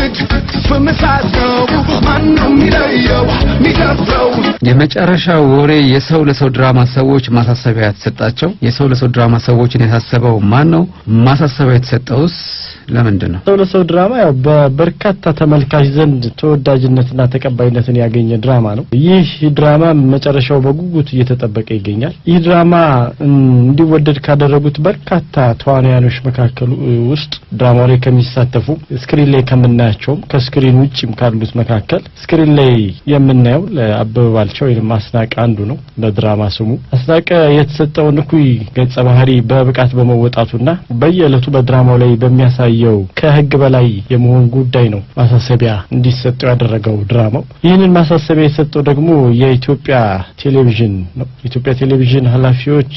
የመጨረሻው የመጨረሻ ወሬ የሰው ለሰው ድራማ ሰዎች ማሳሰቢያ የተሰጣቸው የሰው ለሰው ድራማ ሰዎችን ያሳሰበው ማን ነው? ማሳሰቢያ የተሰጠውስ ለምንድን ነው ሰው ለሰው ድራማ ያው በበርካታ ተመልካች ዘንድ ተወዳጅነትና ተቀባይነትን ያገኘ ድራማ ነው። ይህ ድራማ መጨረሻው በጉጉት እየተጠበቀ ይገኛል። ይህ ድራማ እንዲወደድ ካደረጉት በርካታ ተዋናያኖች መካከል ውስጥ ድራማው ላይ ከሚሳተፉ ስክሪን ላይ ከምናያቸውም ከስክሪን ውጭም ካሉት መካከል ስክሪን ላይ የምናየው ለአበበ ባልቻ ወይም አስናቀ አንዱ ነው። ለድራማ ስሙ አስናቀ የተሰጠውን እኩይ ገጸ ባህሪ በብቃት በመወጣቱና በየዕለቱ በድራማው ላይ በሚያሳይ የሚታየው ከህግ በላይ የመሆን ጉዳይ ነው ማሳሰቢያ እንዲሰጠው ያደረገው ድራማው። ይህንን ማሳሰቢያ የሰጠው ደግሞ የኢትዮጵያ ቴሌቪዥን ነው። የኢትዮጵያ ቴሌቪዥን ኃላፊዎች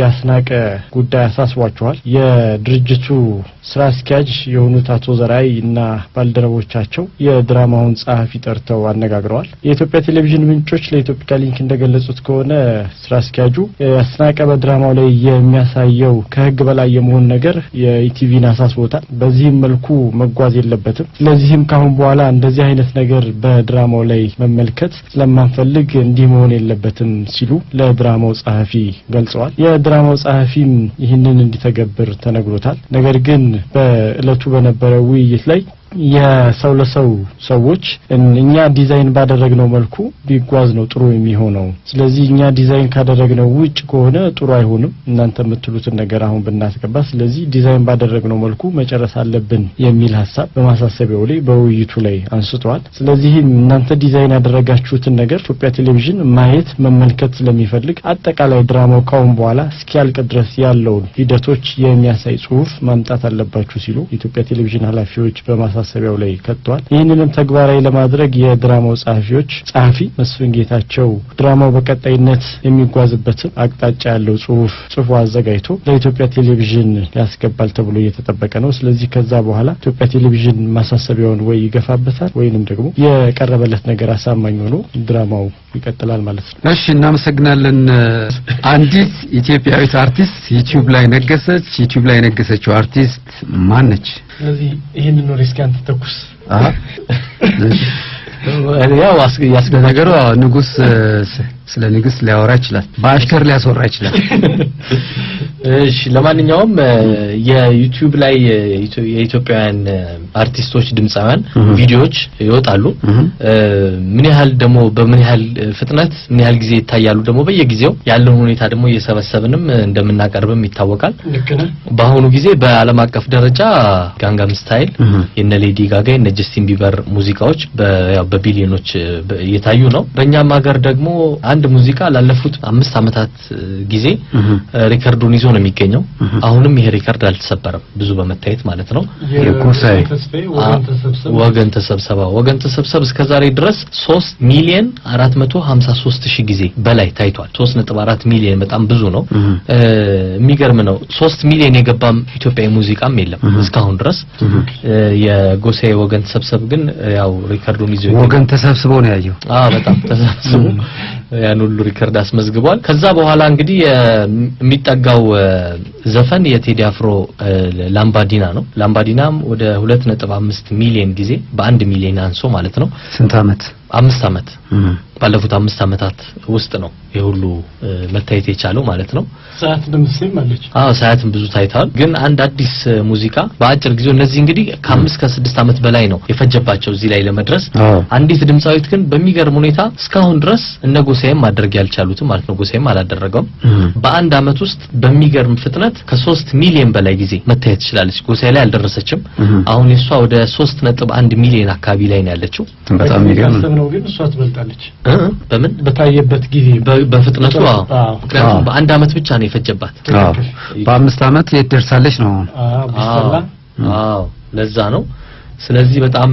ያስናቀ ጉዳይ አሳስቧቸዋል። የድርጅቱ ስራ አስኪያጅ የሆኑት አቶ ዘራይ እና ባልደረቦቻቸው የድራማውን ጸሐፊ ጠርተው አነጋግረዋል። የኢትዮጵያ ቴሌቪዥን ምንጮች ለኢትዮጵያ ሊንክ እንደገለጹት ከሆነ ስራ አስኪያጁ ያስናቀ በድራማው ላይ የሚያሳየው ከህግ በላይ የመሆን ነገር የኢቲቪን አሳስቦታል። በዚህም መልኩ መጓዝ የለበትም። ለዚህም ካሁን በኋላ እንደዚህ አይነት ነገር በድራማው ላይ መመልከት ስለማንፈልግ እንዲህ መሆን የለበትም ሲሉ ለድራማው ጸሐፊ ገልጸዋል። የድራማው ጸሐፊም ይህንን እንዲተገብር ተነግሮታል። ነገር ግን በእለቱ በነበረው ውይይት ላይ የሰው ለሰው ሰዎች እኛ ዲዛይን ባደረግነው መልኩ ቢጓዝ ነው ጥሩ የሚሆነው። ስለዚህ እኛ ዲዛይን ካደረግነው ውጭ ከሆነ ጥሩ አይሆንም። እናንተ የምትሉትን ነገር አሁን ብናስገባ፣ ስለዚህ ዲዛይን ባደረግነው መልኩ መጨረስ አለብን የሚል ሀሳብ በማሳሰቢያው ላይ በውይይቱ ላይ አንስተዋል። ስለዚህም እናንተ ዲዛይን ያደረጋችሁትን ነገር ኢትዮጵያ ቴሌቪዥን ማየት መመልከት ስለሚፈልግ አጠቃላይ ድራማው ካሁን በኋላ እስኪያልቅ ድረስ ያለውን ሂደቶች የሚያሳይ ጽሁፍ ማምጣት አለባችሁ ሲሉ የኢትዮጵያ ቴሌቪዥን ኃላፊዎች በማሳ ማሳሰቢያው ላይ ከጥቷል። ይህንንም ተግባራዊ ለማድረግ የድራማው ጸሐፊዎች ጸሐፊ መስፍን ጌታቸው ድራማው በቀጣይነት የሚጓዝበትን አቅጣጫ ያለው ጽሁፍ ጽሁፉ አዘጋጅቶ ለኢትዮጵያ ቴሌቪዥን ያስገባል ተብሎ እየተጠበቀ ነው። ስለዚህ ከዛ በኋላ ኢትዮጵያ ቴሌቪዥን ማሳሰቢያውን ወይ ይገፋበታል ወይንም ደግሞ የቀረበለት ነገር አሳማኝ ሆኖ ድራማው ይቀጥላል ማለት ነው። እሺ፣ እናመሰግናለን። አንዲት ኢትዮጵያዊት አርቲስት ዩቲዩብ ላይ ነገሰች። ዩቲዩብ ላይ የነገሰችው አርቲስት ማን ነች? ስለዚህ ይሄንን ነው ሪስክ አንተ ተኩስ ያው ንጉስ ስለ ንግስት ሊያወራ ይችላል፣ በአሽከር ሊያስወራ ይችላል። እሺ ለማንኛውም የዩቲዩብ ላይ የኢትዮጵያውያን አርቲስቶች ድምፃውያን ቪዲዮዎች ይወጣሉ። ምን ያህል ደግሞ በምን ያህል ፍጥነት ምን ያህል ጊዜ ይታያሉ ደግሞ በየጊዜው ያለውን ሁኔታ ደግሞ እየሰበሰብንም እንደምናቀርብም ይታወቃል። በአሁኑ ጊዜ በአለም አቀፍ ደረጃ ጋንጋም ስታይል የነ ሌዲ ጋጋ የነ ጀስቲን ቢበር ሙዚቃዎች በቢሊዮኖች እየታዩ ነው። በእኛም ሀገር ደግሞ አንድ ሙዚቃ ላለፉት አምስት ዓመታት ጊዜ ሪከርዱን ይዞ ነው የሚገኘው። አሁንም ይሄ ሪከርድ አልተሰበረም፣ ብዙ በመታየት ማለት ነው። ወገን ተሰብሰባ ወገን ተሰብሰብ እስከዛሬ ድረስ 3 ሚሊዮን 453 ሺህ ጊዜ በላይ ታይቷል። 3.4 ሚሊዮን በጣም ብዙ ነው። የሚገርም ነው። 3 ሚሊዮን የገባም ኢትዮጵያዊ ሙዚቃም የለም እስካሁን ድረስ። የጎሳዬ ወገን ተሰብሰብ ግን ያው ሪከርዱን ይዞ ወገን ተሰብስበው ነው ያየው። አዎ በጣም ተሰብስበው ያን ሁሉ ሪከርድ አስመዝግቧል። ከዛ በኋላ እንግዲህ የሚጠጋው ዘፈን የቴዲ አፍሮ ላምባዲና ነው። ላምባዲናም ወደ 2.5 ሚሊዮን ጊዜ በአንድ ሚሊዮን አንሶ ማለት ነው ስንት አመት አምስት አመት ባለፉት አምስት ዓመታት ውስጥ ነው የሁሉ መታየት የቻለው ማለት ነው። ሳያት ለምሳሌ አለች። አዎ ሰዓትም ብዙ ታይተዋል። ግን አንድ አዲስ ሙዚቃ በአጭር ጊዜ እነዚህ እንግዲህ ከአምስት ከስድስት ዓመት በላይ ነው የፈጀባቸው እዚህ ላይ ለመድረስ። አንዲት ድምፃዊት ግን በሚገርም ሁኔታ እስካሁን ድረስ እነ ጎሳዬም ማድረግ ያልቻሉትም ማለት ነው። ጎሳዬም አላደረገውም። በአንድ ዓመት ውስጥ በሚገርም ፍጥነት ከሶስት ሚሊዮን በላይ ጊዜ መታየት ትችላለች። ጎሳዬ ላይ አልደረሰችም። አሁን የሷ ወደ ሶስት ነጥብ አንድ ሚሊዮን አካባቢ ላይ ነው ያለችው። በጣም ሚሊዮን ነው ግን እሷ ትበልጣለች። በምን በታየበት ጊዜ በፍጥነቱ አዎ። ምክንያቱም በአንድ አመት ብቻ ነው የፈጀባት። አዎ በአምስት አመት የት ደርሳለች ነው። አዎ ለዛ ነው። ስለዚህ በጣም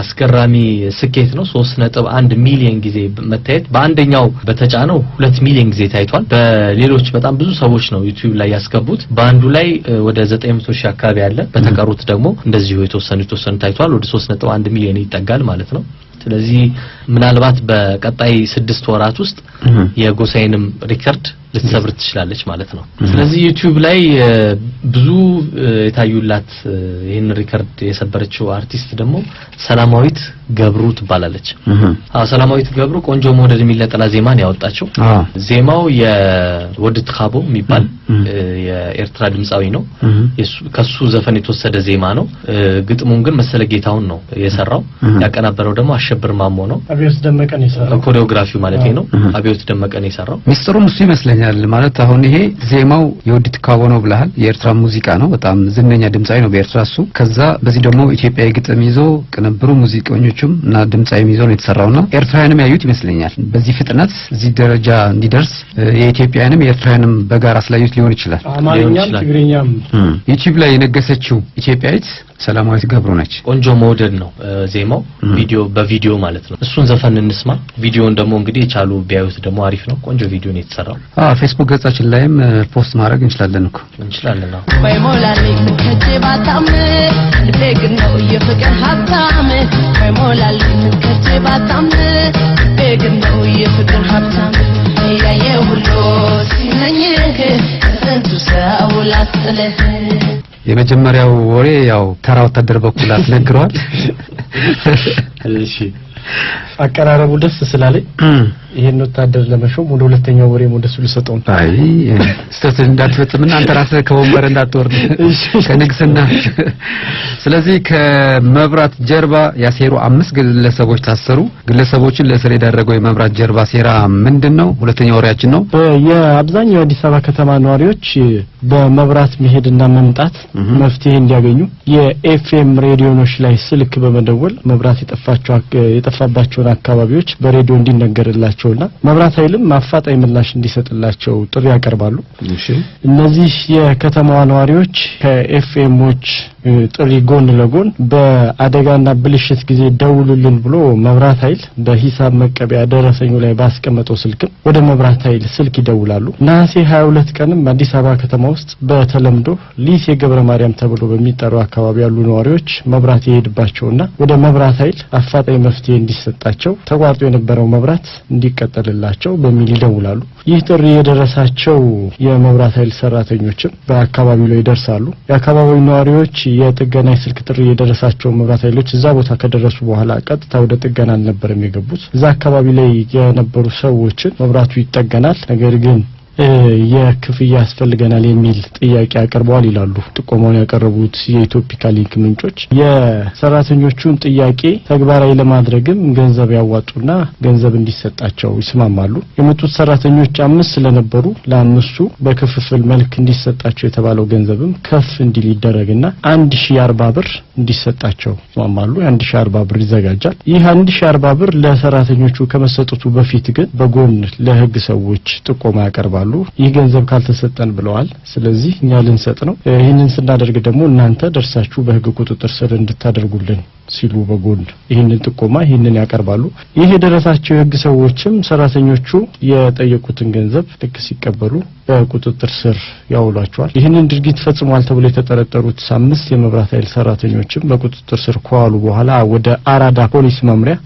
አስገራሚ ስኬት ነው። 3.1 ሚሊዮን ጊዜ መታየት በአንደኛው በተጫነው ሁለት ሚሊዮን ጊዜ ታይቷል። በሌሎች በጣም ብዙ ሰዎች ነው ዩቲዩብ ላይ ያስገቡት። በአንዱ ላይ ወደ 900 ሺህ አካባቢ አለ። በተቀሩት ደግሞ እንደዚሁ የተወሰኑ የተወሰኑ ታይቷል። ወደ 3.1 ሚሊዮን ይጠጋል ማለት ነው። ስለዚህ ምናልባት በቀጣይ ስድስት ወራት ውስጥ የጎሳይንም ሪከርድ ልትሰብር ትችላለች ማለት ነው። ስለዚህ ዩቲዩብ ላይ ብዙ የታዩላት ይህን ሪከርድ የሰበረችው አርቲስት ደግሞ ሰላማዊት ገብሩ ትባላለች። ሰላማዊት ገብሩ ቆንጆ መውደድ የሚል ዜማን ዜማ ያወጣችው። ዜማው የወድ ካቦ የሚባል የኤርትራ ድምፃዊ ነው። ከሱ ዘፈን የተወሰደ ዜማ ነው። ግጥሙን ግን መሰለ ጌታውን ነው የሰራው። ያቀናበረው ደግሞ አሸብር ማሞ ነው። አብዮት ደመቀን የሰራው ኮሪዮግራፊው ማለት ነው። አብዮት ደመቀን የሰራው ሚስጥሩም እሱ ይመስለኛል። ማለት አሁን ይሄ ዜማው የወድ ካቦ ነው ብለሃል። የኤርትራ ሙዚቃ ነው። በጣም ዝነኛ ድምፃዊ ነው በኤርትራ እሱ። ከዛ በዚህ ደግሞ ኢትዮጵያ ግጥም ይዞ ቅንብሩ ሙዚቀኞች ዜጎችም እና ድምፃዊ ይዞ ነው ና ኤርትራውያንም ያዩት ይመስለኛል። በዚህ ፍጥነት እዚህ ደረጃ እንዲደርስ የኢትዮጵያውያንም የኤርትራውያንም በጋራ ስላዩት ሊሆን ይችላል። አማርኛም ትግርኛም ዩቲብ ላይ የነገሰችው ኢትዮጵያዊት ሰላማዊት ገብሩ ነች። ቆንጆ መውደድ ነው ዜማው፣ ቪዲዮ በቪዲዮ ማለት ነው። እሱን ዘፈን እንስማ። ቪዲዮን ደግሞ እንግዲህ የቻሉ ቢያዩት ደግሞ አሪፍ ነው። ቆንጆ ቪዲዮ ነው የተሰራው። ፌስቡክ ገጻችን ላይም ፖስት ማድረግ እንችላለን እኮ እንችላለን። ነው ባይሞላልኝ ከዚህ ባታም ልቤ ግን ነው የፍቅር ሀብታም ይሞላል ትከቼ ባጣም ግን ነው የፍቅር ሀብታም ያየ ሁሉ ሰው ላስጥልህ የመጀመሪያው ወሬ ያው ተራ ወታደር በኩል አስነግሯል እሺ አቀራረቡ ደስ ስላለኝ ይሄን ወታደር ለመሾም ወደ ሁለተኛው ወደ ወደሱ ልሰጠው። አይ ስህተት እንዳትፈጽምና አንተ ራስህ ከወንበር እንዳትወርድ ከንግስና። ስለዚህ ከመብራት ጀርባ ያሴሩ አምስት ግለሰቦች ታሰሩ። ግለሰቦችን ለእስር የዳረገው የመብራት ጀርባ ሴራ ምንድን ነው? ሁለተኛው ወሬያችን ነው። የአብዛኛው የአዲስ አበባ ከተማ ነዋሪዎች በመብራት መሄድና መምጣት መፍትሄ እንዲያገኙ የኤፍኤም ሬዲዮኖች ላይ ስልክ በመደወል መብራት የጠፋባቸውን አካባቢዎች በሬዲዮ እንዲነገርላቸው ናቸውና መብራት ኃይልም ማፋጣኝ ምላሽ እንዲሰጥላቸው ጥሪ ያቀርባሉ። እነዚህ የከተማዋ ነዋሪዎች ከኤፍኤሞች ጥሪ ጎን ለጎን በአደጋና ብልሽት ጊዜ ደውሉልን ብሎ መብራት ኃይል በሂሳብ መቀበያ ደረሰኙ ላይ ባስቀመጠው ስልክም ወደ መብራት ኃይል ስልክ ይደውላሉ። ነሐሴ 22 ቀንም አዲስ አበባ ከተማ ውስጥ በተለምዶ ሊሴ ገብረ ማርያም ተብሎ በሚጠራው አካባቢ ያሉ ነዋሪዎች መብራት የሄድባቸውና ወደ መብራት ኃይል አፋጣኝ መፍትሄ እንዲሰጣቸው ተቋርጦ የነበረው መብራት እንዲ ይቀጠልላቸው በሚል ይደውላሉ። ይህ ጥሪ የደረሳቸው የመብራት ኃይል ሰራተኞችም በአካባቢው ላይ ይደርሳሉ። የአካባቢው ነዋሪዎች የጥገና የስልክ ጥሪ የደረሳቸው መብራት ኃይሎች እዛ ቦታ ከደረሱ በኋላ ቀጥታ ወደ ጥገና አልነበረም የገቡት። እዛ አካባቢ ላይ የነበሩ ሰዎችን መብራቱ ይጠገናል፣ ነገር ግን የክፍያ ያስፈልገናል የሚል ጥያቄ አቅርበዋል ይላሉ ጥቆማውን ያቀረቡት የኢትዮፒካ ሊንክ ምንጮች። የሰራተኞቹን ጥያቄ ተግባራዊ ለማድረግም ገንዘብ ያዋጡና ገንዘብ እንዲሰጣቸው ይስማማሉ። የመጡት ሰራተኞች አምስት ስለነበሩ ለአምስቱ በክፍፍል መልክ እንዲሰጣቸው የተባለው ገንዘብም ከፍ እንዲል ይደረግና አንድ ሺ አርባ ብር እንዲሰጣቸው ይስማማሉ። አንድ ሺ አርባ ብር ይዘጋጃል። ይህ አንድ ሺ አርባ ብር ለሰራተኞቹ ከመሰጠቱ በፊት ግን በጎን ለህግ ሰዎች ጥቆማ ያቀርባሉ። አሉ። ይህ ገንዘብ ካልተሰጠን ብለዋል። ስለዚህ እኛ ልንሰጥ ነው። ይህንን ስናደርግ ደግሞ እናንተ ደርሳችሁ በህግ ቁጥጥር ስር እንድታደርጉልን ሲሉ በጎን ይህንን ጥቆማ ይህንን ያቀርባሉ። ይህ የደረሳቸው የህግ ሰዎችም ሰራተኞቹ የጠየቁትን ገንዘብ ልክ ሲቀበሉ በቁጥጥር ስር ያውሏቸዋል። ይህንን ድርጊት ፈጽሟል ተብሎ የተጠረጠሩት አምስት የመብራት ኃይል ሰራተኞችም በቁጥጥር ስር ከዋሉ በኋላ ወደ አራዳ ፖሊስ መምሪያ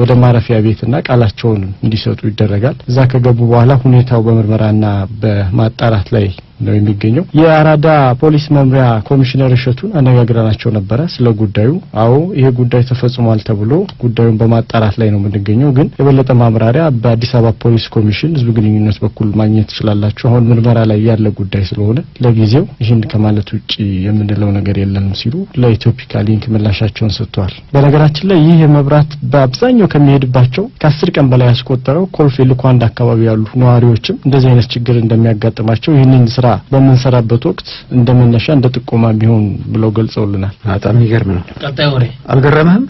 ወደ ማረፊያ ቤትና ቃላቸውን እንዲሰጡ ይደረጋል። እዛ ከገቡ በኋላ ሁኔታው በምርመራና በማጣራት ላይ ነው የሚገኘው። የአራዳ ፖሊስ መምሪያ ኮሚሽነር እሸቱን አነጋግረናቸው ነበረ ስለ ጉዳዩ። አዎ ይሄ ጉዳይ ተፈጽሟል ተብሎ ጉዳዩን በማጣራት ላይ ነው የምንገኘው። ግን የበለጠ ማብራሪያ በአዲስ አበባ ፖሊስ ኮሚሽን ህዝብ ግንኙነት በኩል ማግኘት ትችላላችሁ። አሁን ምርመራ ላይ ያለ ጉዳይ ስለሆነ ለጊዜው ይህን ከማለት ውጭ የምንለው ነገር የለንም ሲሉ ለኢትዮፒካ ሊንክ ምላሻቸውን ሰጥተዋል። በነገራችን ላይ ይህ የመብራት በአብዛኛው ከሚሄድባቸው ከአስር ቀን በላይ ያስቆጠረው ኮልፌ ልኳንድ አካባቢ ያሉ ነዋሪዎችም እንደዚህ አይነት ችግር እንደሚያጋጥማቸው ይህንን ስራ በምንሰራበት ወቅት እንደመነሻ እንደ ጥቆማ ቢሆን ብለው ገልጸውልናል። በጣም ይገርም ነው። አልገረመህም?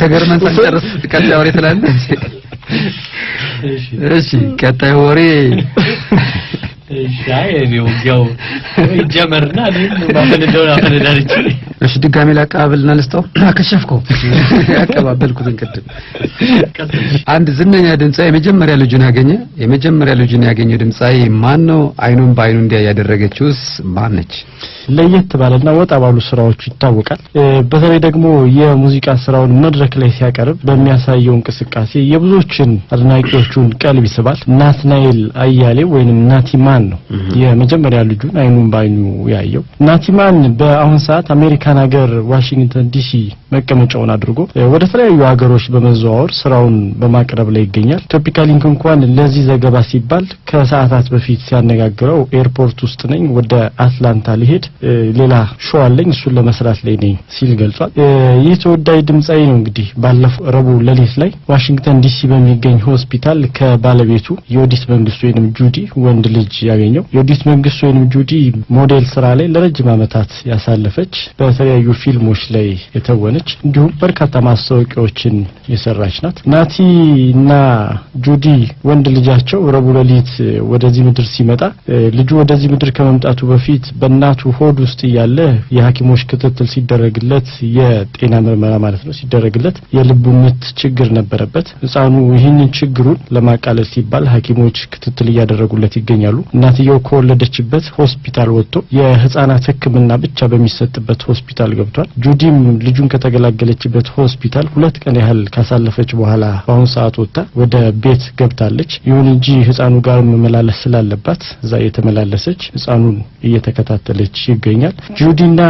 ተገርመን ሳንጨርስ ቀጣይ ወሬ ትላለህ። እሺ ቀጣይ ወሬ እሺ። አይ ነው ያው ጀመርና ለምን እንደሆነ አፈነዳለች እሺ ድጋሜ ላቀባበልና ልስጠው። አከሸፍከው ያቀባበልኩትን ቅድም አንድ ዝነኛ ድምፃ የመጀመሪያ ልጁን ያገኘ የመጀመሪያ ልጁን ያገኘው ድምፃዬ ማን ነው? አይኑን በአይኑ እንዲያ ያደረገችውስ ማን ነች? ለየት ባለና ወጣ ባሉ ስራዎቹ ይታወቃል። በተለይ ደግሞ የሙዚቃ ስራውን መድረክ ላይ ሲያቀርብ በሚያሳየው እንቅስቃሴ የብዙዎችን አድናቂዎቹን ቀልብ ይስባል። ናትናኤል አያሌ ወይንም ናቲማን ነው የመጀመሪያ ልጁን አይኑን በአይኑ ያየው። ናቲማን በአሁን ሰዓት አሜሪካ አሜሪካን ሀገር ዋሽንግተን ዲሲ መቀመጫውን አድርጎ ወደ ተለያዩ ሀገሮች በመዘዋወር ስራውን በማቅረብ ላይ ይገኛል። ኢትዮፒካ ሊንክ እንኳን ለዚህ ዘገባ ሲባል ከሰዓታት በፊት ሲያነጋግረው ኤርፖርት ውስጥ ነኝ፣ ወደ አትላንታ ሊሄድ ሌላ ሸዋለኝ አለኝ፣ እሱን ለመስራት ላይ ነኝ ሲል ገልጿል። ይህ ተወዳጅ ድምጻዊ ነው እንግዲህ ባለፈው ረቡዕ ሌሊት ላይ ዋሽንግተን ዲሲ በሚገኝ ሆስፒታል ከባለቤቱ የወዲት መንግስቱ ወይንም ጁዲ ወንድ ልጅ ያገኘው የወዲት መንግስት ወይንም ጁዲ ሞዴል ስራ ላይ ለረጅም ዓመታት ያሳለፈች በተለያዩ ፊልሞች ላይ የተወነች እንዲሁም በርካታ ማስታወቂያዎችን የሰራች ናት። ናቲ እና ጁዲ ወንድ ልጃቸው ረቡዕ ሌሊት ወደዚህ ምድር ሲመጣ ልጁ ወደዚህ ምድር ከመምጣቱ በፊት በእናቱ ሆድ ውስጥ እያለ የሐኪሞች ክትትል ሲደረግለት የጤና ምርመራ ማለት ነው ሲደረግለት የልቡ ምት ችግር ነበረበት። ህፃኑ ይህንን ችግሩን ለማቃለል ሲባል ሐኪሞች ክትትል እያደረጉለት ይገኛሉ። እናትየው ከወለደችበት ሆስፒታል ወጥቶ የህፃናት ሕክምና ብቻ በሚሰጥበት ሆስፒታል ሆስፒታል ገብቷል። ጁዲም ልጁን ከተገላገለችበት ሆስፒታል ሁለት ቀን ያህል ካሳለፈች በኋላ በአሁኑ ሰዓት ወጥታ ወደ ቤት ገብታለች። ይሁን እንጂ ህፃኑ ጋር መመላለስ ስላለባት እዛ እየተመላለሰች ህፃኑን እየተከታተለች ይገኛል። ጁዲና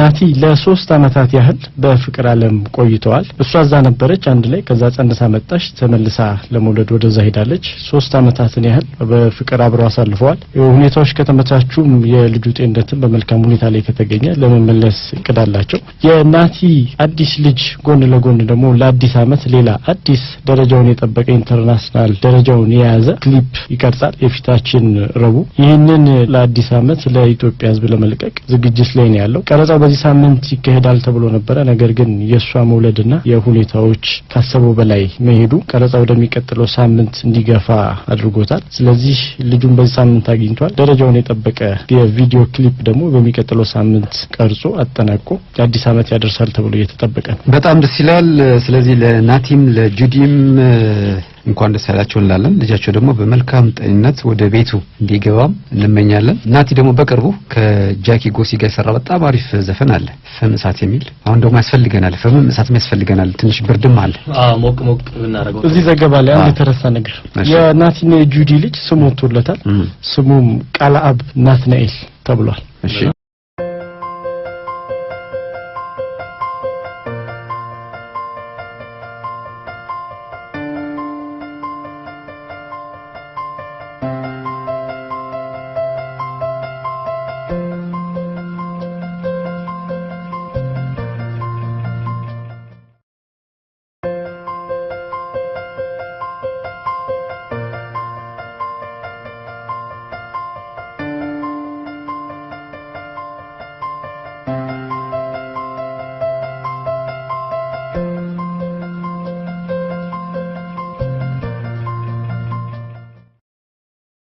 ናቲ ለሶስት አመታት ያህል በፍቅር አለም ቆይተዋል። እሷ እዛ ነበረች አንድ ላይ ከዛ ጸንሳ መጣች። ተመልሳ ለመውለድ ወደዛ ሄዳለች። ሶስት አመታትን ያህል በፍቅር አብረው አሳልፈዋል። ሁኔታዎች ከተመቻቹም የልጁ ጤንነትን በመልካም ሁኔታ ላይ ከተገኘ ለመመለስ እቅድ አላቸው። የናቲ አዲስ ልጅ ጎን ለጎን ደግሞ ለአዲስ ዓመት ሌላ አዲስ ደረጃውን የጠበቀ ኢንተርናሽናል ደረጃውን የያዘ ክሊፕ ይቀርጻል የፊታችን ረቡዕ። ይህንን ለአዲስ ዓመት ለኢትዮጵያ ሕዝብ ለመልቀቅ ዝግጅት ላይ ነው ያለው። ቀረጻው በዚህ ሳምንት ይካሄዳል ተብሎ ነበረ። ነገር ግን የእሷ መውለድና የሁኔታዎች ካሰበው በላይ መሄዱ ቀረጻ ወደሚቀጥለው ሳምንት እንዲገፋ አድርጎታል። ስለዚህ ልጁን በዚህ ሳምንት አግኝቷል። ደረጃውን የጠበቀ የቪዲዮ ክሊፕ ደግሞ በሚቀጥለው ሳምንት ቀርጾ አጠናቆ አዲስ ዓመት ያደርሳል ተብሎ እየተጠበቀ ነው። በጣም ደስ ይላል። ስለዚህ ለናቲም ለጁዲም እንኳን ደስ ያላቸው እንላለን። ልጃቸው ደግሞ በመልካም ጤንነት ወደ ቤቱ እንዲገባም እንመኛለን። ናቲ ደግሞ በቅርቡ ከጃኪ ጎሲ ጋር የሰራ በጣም አሪፍ ዘፈን አለ፣ ፍም እሳት የሚል አሁን ደግሞ ያስፈልገናል፣ ፍምም እሳትም ያስፈልገናል። ትንሽ ብርድም አለ፣ ሞቅ ሞቅ ብናደርገው። እዚህ ዘገባ ላይ አንድ የተረሳ ነገር የናቲና የጁዲ ልጅ ስሙ ወጥቶለታል። ስሙም ቃልአብ ናትናኤል ተብሏል።